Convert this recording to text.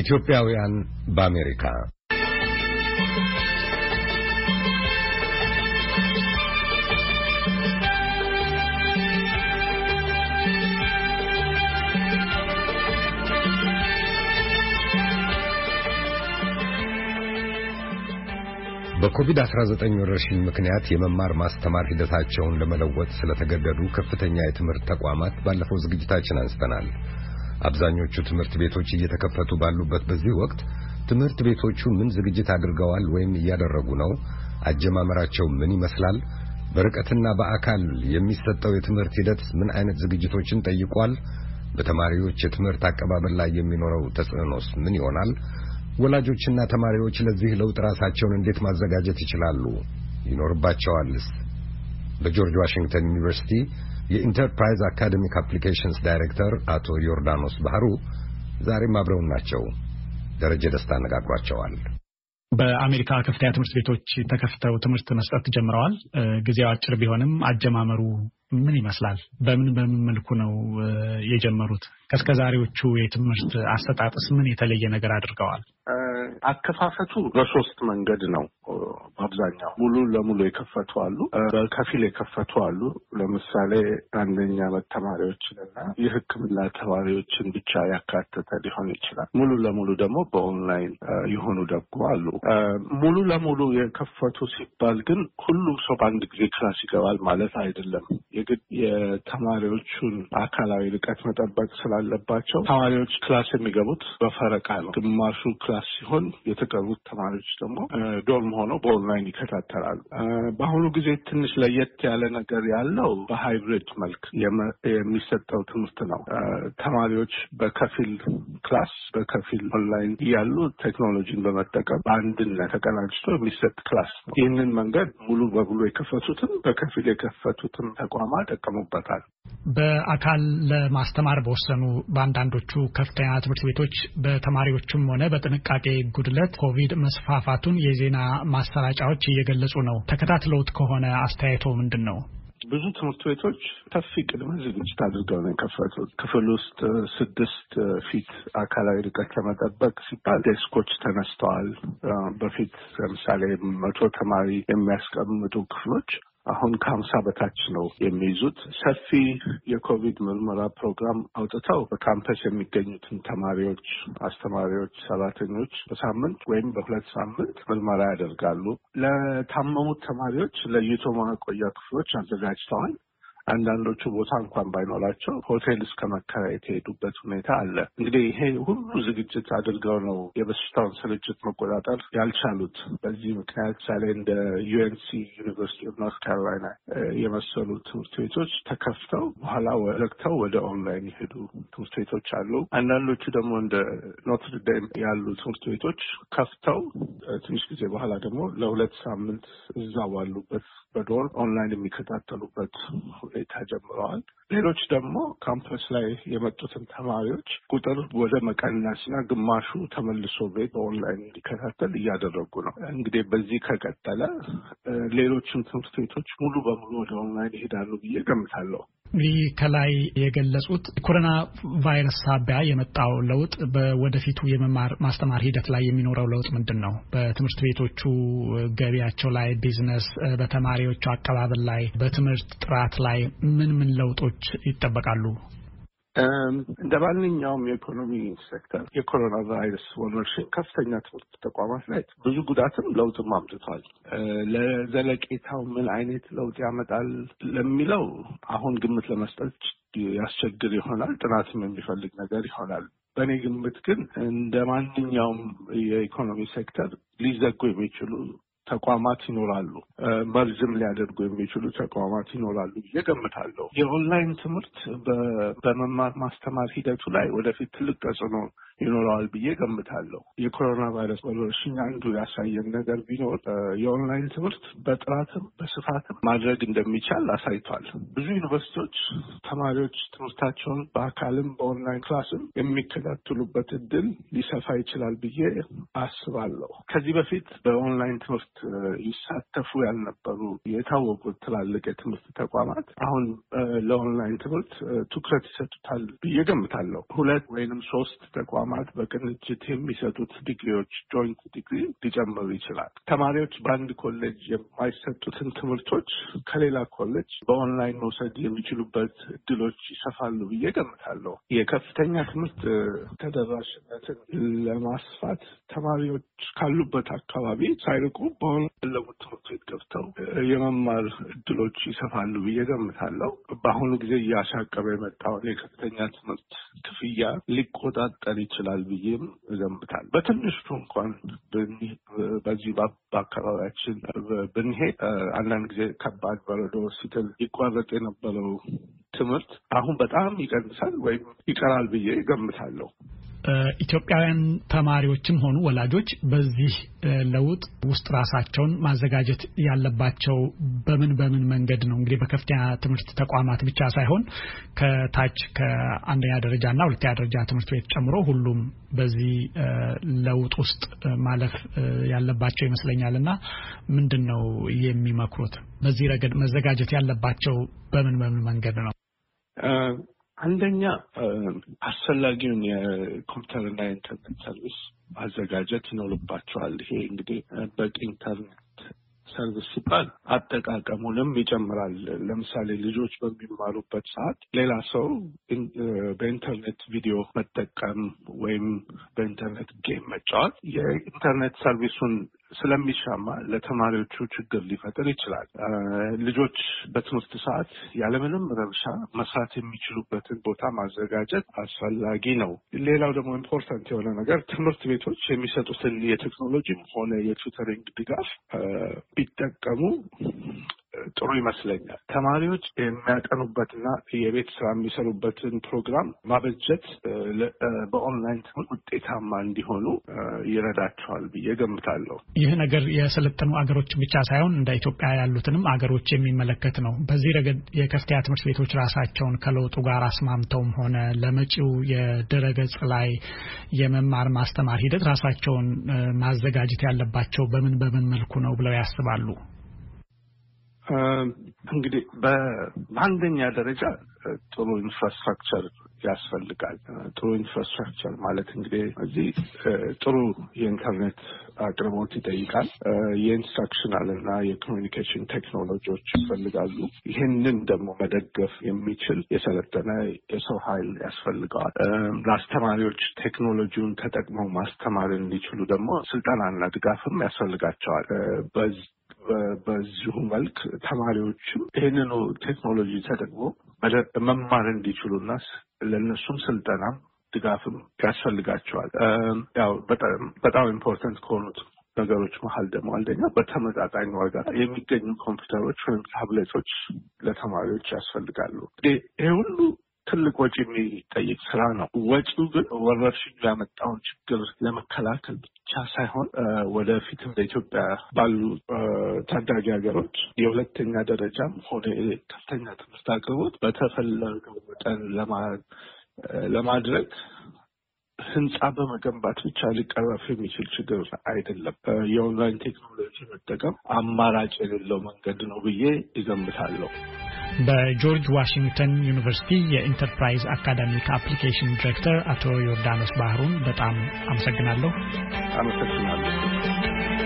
ኢትዮጵያውያን በአሜሪካ በኮቪድ-19 ወረርሽኝ ምክንያት የመማር ማስተማር ሂደታቸውን ለመለወጥ ስለተገደዱ ከፍተኛ የትምህርት ተቋማት ባለፈው ዝግጅታችን አንስተናል። አብዛኞቹ ትምህርት ቤቶች እየተከፈቱ ባሉበት በዚህ ወቅት ትምህርት ቤቶቹ ምን ዝግጅት አድርገዋል ወይም እያደረጉ ነው? አጀማመራቸው ምን ይመስላል? በርቀትና በአካል የሚሰጠው የትምህርት ሂደት ምን አይነት ዝግጅቶችን ጠይቋል? በተማሪዎች የትምህርት አቀባበል ላይ የሚኖረው ተጽዕኖስ ምን ይሆናል? ወላጆችና ተማሪዎች ለዚህ ለውጥ ራሳቸውን እንዴት ማዘጋጀት ይችላሉ? ይኖርባቸዋልስ? በጆርጅ ዋሽንግተን ዩኒቨርሲቲ የኢንተርፕራይዝ አካደሚክ አፕሊኬሽንስ ዳይሬክተር አቶ ዮርዳኖስ ባህሩ ዛሬም አብረውን ናቸው። ደረጀ ደስታ አነጋግሯቸዋል። በአሜሪካ ከፍተኛ ትምህርት ቤቶች ተከፍተው ትምህርት መስጠት ጀምረዋል። ጊዜው አጭር ቢሆንም አጀማመሩ ምን ይመስላል? በምን በምን መልኩ ነው የጀመሩት? ከእስከ ዛሬዎቹ የትምህርት አሰጣጥስ ምን የተለየ ነገር አድርገዋል? አከፋፈቱ በሶስት መንገድ ነው። በአብዛኛው ሙሉ ለሙሉ የከፈቱ አሉ፣ በከፊል የከፈቱ አሉ። ለምሳሌ አንደኛ ዓመት ተማሪዎችንና የሕክምና ተማሪዎችን ብቻ ያካተተ ሊሆን ይችላል። ሙሉ ለሙሉ ደግሞ በኦንላይን የሆኑ ደግሞ አሉ። ሙሉ ለሙሉ የከፈቱ ሲባል ግን ሁሉም ሰው በአንድ ጊዜ ክላስ ይገባል ማለት አይደለም። የግድ የተማሪዎቹን አካላዊ ርቀት መጠበቅ ስላለባቸው ተማሪዎች ክላስ የሚገቡት በፈረቃ ነው። ግማሹ ክላስ ሲሆን ሲሆን የተቀሩት ተማሪዎች ደግሞ ዶርም ሆነው በኦንላይን ይከታተላሉ። በአሁኑ ጊዜ ትንሽ ለየት ያለ ነገር ያለው በሃይብሪድ መልክ የሚሰጠው ትምህርት ነው። ተማሪዎች በከፊል ክላስ በከፊል ኦንላይን እያሉ ቴክኖሎጂን በመጠቀም በአንድነት ተቀናጅቶ የሚሰጥ ክላስ ነው። ይህንን መንገድ ሙሉ በሙሉ የከፈቱትም በከፊል የከፈቱትም ተቋማት ይጠቀሙበታል። በአካል ለማስተማር በወሰኑ በአንዳንዶቹ ከፍተኛ ትምህርት ቤቶች በተማሪዎችም ሆነ በጥንቃቄ ጉድለት ኮቪድ መስፋፋቱን የዜና ማሰራጫዎች እየገለጹ ነው። ተከታትለውት ከሆነ አስተያየቶ ምንድን ነው? ብዙ ትምህርት ቤቶች ሰፊ ቅድመ ዝግጅት አድርገው ነው የከፈቱት። ክፍል ውስጥ ስድስት ፊት አካላዊ ርቀት ለመጠበቅ ሲባል ዴስኮች ተነስተዋል። በፊት ለምሳሌ መቶ ተማሪ የሚያስቀምጡ ክፍሎች አሁን ከሀምሳ በታች ነው የሚይዙት። ሰፊ የኮቪድ ምርመራ ፕሮግራም አውጥተው በካምፐስ የሚገኙትን ተማሪዎች፣ አስተማሪዎች፣ ሰራተኞች በሳምንት ወይም በሁለት ሳምንት ምርመራ ያደርጋሉ። ለታመሙት ተማሪዎች ለይቶ ማቆያ ክፍሎች አዘጋጅተዋል። አንዳንዶቹ ቦታ እንኳን ባይኖራቸው ሆቴል እስከ መከራየት የሄዱበት ሁኔታ አለ። እንግዲህ ይሄ ሁሉ ዝግጅት አድርገው ነው የበሽታውን ስርጭት መቆጣጠር ያልቻሉት። በዚህ ምክንያት ምሳሌ እንደ ዩኤንሲ ዩኒቨርሲቲ ኦፍ ኖርት ካሮላይና የመሰሉ ትምህርት ቤቶች ተከፍተው በኋላ ዘግተው ወደ ኦንላይን የሄዱ ትምህርት ቤቶች አሉ። አንዳንዶቹ ደግሞ እንደ ኖትርዴም ያሉ ትምህርት ቤቶች ከፍተው ትንሽ ጊዜ በኋላ ደግሞ ለሁለት ሳምንት እዛ ባሉበት በዶር ኦንላይን የሚከታተሉበት ቆይታ ጀምረዋል። ሌሎች ደግሞ ካምፐስ ላይ የመጡትን ተማሪዎች ቁጥር ወደ መቀነስና ግማሹ ተመልሶ ቤት በኦንላይን እንዲከታተል እያደረጉ ነው። እንግዲህ በዚህ ከቀጠለ ሌሎችም ትምህርት ቤቶች ሙሉ በሙሉ ወደ ኦንላይን ይሄዳሉ ብዬ ገምታለሁ። እንግዲህ ከላይ የገለጹት የኮሮና ቫይረስ ሳቢያ የመጣው ለውጥ በወደፊቱ የመማር ማስተማር ሂደት ላይ የሚኖረው ለውጥ ምንድን ነው? በትምህርት ቤቶቹ ገቢያቸው ላይ፣ ቢዝነስ፣ በተማሪዎቹ አቀባበል ላይ፣ በትምህርት ጥራት ላይ ምን ምን ለውጦች ይጠበቃሉ? እንደ ማንኛውም የኢኮኖሚ ሴክተር የኮሮና ቫይረስ ወረርሽኝ ከፍተኛ ትምህርት ተቋማት ላይ ብዙ ጉዳትም ለውጥም አምጥቷል። ለዘለቄታው ምን አይነት ለውጥ ያመጣል ለሚለው አሁን ግምት ለመስጠት ያስቸግር ይሆናል። ጥናትም የሚፈልግ ነገር ይሆናል። በእኔ ግምት ግን እንደ ማንኛውም የኢኮኖሚ ሴክተር ሊዘጉ የሚችሉ ተቋማት ይኖራሉ፣ መርዝም ሊያደርጉ የሚችሉ ተቋማት ይኖራሉ ብዬ ገምታለሁ። የኦንላይን ትምህርት በመማር ማስተማር ሂደቱ ላይ ወደፊት ትልቅ ተጽዕኖ ይኖረዋል ብዬ ገምታለሁ። የኮሮና ቫይረስ ወረርሽኝ አንዱ ያሳየን ነገር ቢኖር የኦንላይን ትምህርት በጥራትም በስፋትም ማድረግ እንደሚቻል አሳይቷል። ብዙ ዩኒቨርሲቲዎች ተማሪዎች ትምህርታቸውን በአካልም በኦንላይን ክላስም የሚከታተሉበት እድል ሊሰፋ ይችላል ብዬ አስባለሁ። ከዚህ በፊት በኦንላይን ትምህርት ይሳተፉ ያልነበሩ የታወቁ ትላልቅ የትምህርት ተቋማት አሁን ለኦንላይን ትምህርት ትኩረት ይሰጡታል ብዬ ገምታለሁ። ሁለት ወይንም ሶስት ተቋም ተቋማት በቅንጅት የሚሰጡት ዲግሪዎች ጆይንት ዲግሪ ሊጨምሩ ይችላል። ተማሪዎች በአንድ ኮሌጅ የማይሰጡትን ትምህርቶች ከሌላ ኮሌጅ በኦንላይን መውሰድ የሚችሉበት እድሎች ይሰፋሉ ብዬ ገምታለሁ። የከፍተኛ ትምህርት ተደራሽነትን ለማስፋት ተማሪዎች ካሉበት አካባቢ ሳይርቁ በሆኑ ትምህርት ቤት ገብተው የመማር እድሎች ይሰፋሉ ብዬ ገምታለሁ። በአሁኑ ጊዜ እያሻቀበ የመጣውን የከፍተኛ ትምህርት ክፍያ ሊቆጣጠር ይችላል ይችላል ብዬም እገምታል። በትንሹ እንኳን በዚህ በአካባቢያችን ብንሄድ አንዳንድ ጊዜ ከባድ በረዶ ሲጥል ይቋረጥ የነበረው ትምህርት አሁን በጣም ይቀንሳል ወይም ይቀራል ብዬ እገምታለሁ። ኢትዮጵያውያን ተማሪዎችም ሆኑ ወላጆች በዚህ ለውጥ ውስጥ ራሳቸውን ማዘጋጀት ያለባቸው በምን በምን መንገድ ነው? እንግዲህ በከፍተኛ ትምህርት ተቋማት ብቻ ሳይሆን ከታች ከአንደኛ ደረጃ እና ሁለተኛ ደረጃ ትምህርት ቤት ጨምሮ ሁሉም በዚህ ለውጥ ውስጥ ማለፍ ያለባቸው ይመስለኛል እና ምንድን ነው የሚመክሩት? በዚህ ረገድ መዘጋጀት ያለባቸው በምን በምን መንገድ ነው? አንደኛ አስፈላጊውን የኮምፒውተርና የኢንተርኔት ሰርቪስ ማዘጋጀት ይኖርባቸዋል። ይሄ እንግዲህ በቂ ኢንተርኔት ሰርቪስ ሲባል አጠቃቀሙንም ይጨምራል። ለምሳሌ ልጆች በሚማሩበት ሰዓት ሌላ ሰው በኢንተርኔት ቪዲዮ መጠቀም ወይም በኢንተርኔት ጌም መጫወት የኢንተርኔት ሰርቪሱን ስለሚሻማ ለተማሪዎቹ ችግር ሊፈጥር ይችላል። ልጆች በትምህርት ሰዓት ያለምንም ረብሻ መስራት የሚችሉበትን ቦታ ማዘጋጀት አስፈላጊ ነው። ሌላው ደግሞ ኢምፖርታንት የሆነ ነገር ትምህርት ቤቶች የሚሰጡትን የቴክኖሎጂም ሆነ የቱተሪንግ ድጋፍ ቢጠቀሙ ጥሩ ይመስለኛል። ተማሪዎች የሚያጠኑበትና የቤት ስራ የሚሰሩበትን ፕሮግራም ማበጀት በኦንላይን ትምህርት ውጤታማ እንዲሆኑ ይረዳቸዋል ብዬ ገምታለሁ። ይህ ነገር የሰለጠኑ አገሮች ብቻ ሳይሆን እንደ ኢትዮጵያ ያሉትንም አገሮች የሚመለከት ነው። በዚህ ረገድ የከፍተኛ ትምህርት ቤቶች ራሳቸውን ከለውጡ ጋር አስማምተውም ሆነ ለመጪው የድረገጽ ላይ የመማር ማስተማር ሂደት ራሳቸውን ማዘጋጀት ያለባቸው በምን በምን መልኩ ነው ብለው ያስባሉ? እንግዲህ በአንደኛ ደረጃ ጥሩ ኢንፍራስትራክቸር ያስፈልጋል። ጥሩ ኢንፍራስትራክቸር ማለት እንግዲህ እዚህ ጥሩ የኢንተርኔት አቅርቦት ይጠይቃል። የኢንስትራክሽናል እና የኮሚኒኬሽን ቴክኖሎጂዎች ይፈልጋሉ። ይህንን ደግሞ መደገፍ የሚችል የሰለጠነ የሰው ኃይል ያስፈልገዋል። ለአስተማሪዎች ቴክኖሎጂውን ተጠቅመው ማስተማር እንዲችሉ ደግሞ ስልጠናና ድጋፍም ያስፈልጋቸዋል። በዚሁ መልክ ተማሪዎችም ይህንኑ ቴክኖሎጂ ተጠቅሞ መማር እንዲችሉና ለእነሱም ስልጠናም ድጋፍም ያስፈልጋቸዋል። ያው በጣም ኢምፖርተንት ከሆኑት ነገሮች መሀል ደግሞ አንደኛ በተመጣጣኝ ዋጋ የሚገኙ ኮምፒውተሮች ወይም ታብሌቶች ለተማሪዎች ያስፈልጋሉ። ይሄ ሁሉ ትልቅ ወጪ የሚጠይቅ ስራ ነው። ወጪው ግን ወረርሽኝ ያመጣውን ችግር ለመከላከል ብቻ ሳይሆን ወደፊትም በኢትዮጵያ ባሉ ታዳጊ ሀገሮች የሁለተኛ ደረጃም ሆነ ከፍተኛ ትምህርት አቅርቦት በተፈለገው መጠን ለማድረግ ህንፃ በመገንባት ብቻ ሊቀረፍ የሚችል ችግር አይደለም። የኦንላይን ቴክኖሎጂ መጠቀም አማራጭ የሌለው መንገድ ነው ብዬ ይገምታለሁ። በጆርጅ ዋሽንግተን ዩኒቨርሲቲ የኢንተርፕራይዝ አካዳሚክ አፕሊኬሽን ዲሬክተር አቶ ዮርዳኖስ ባህሩን በጣም አመሰግናለሁ። አመሰግናለሁ።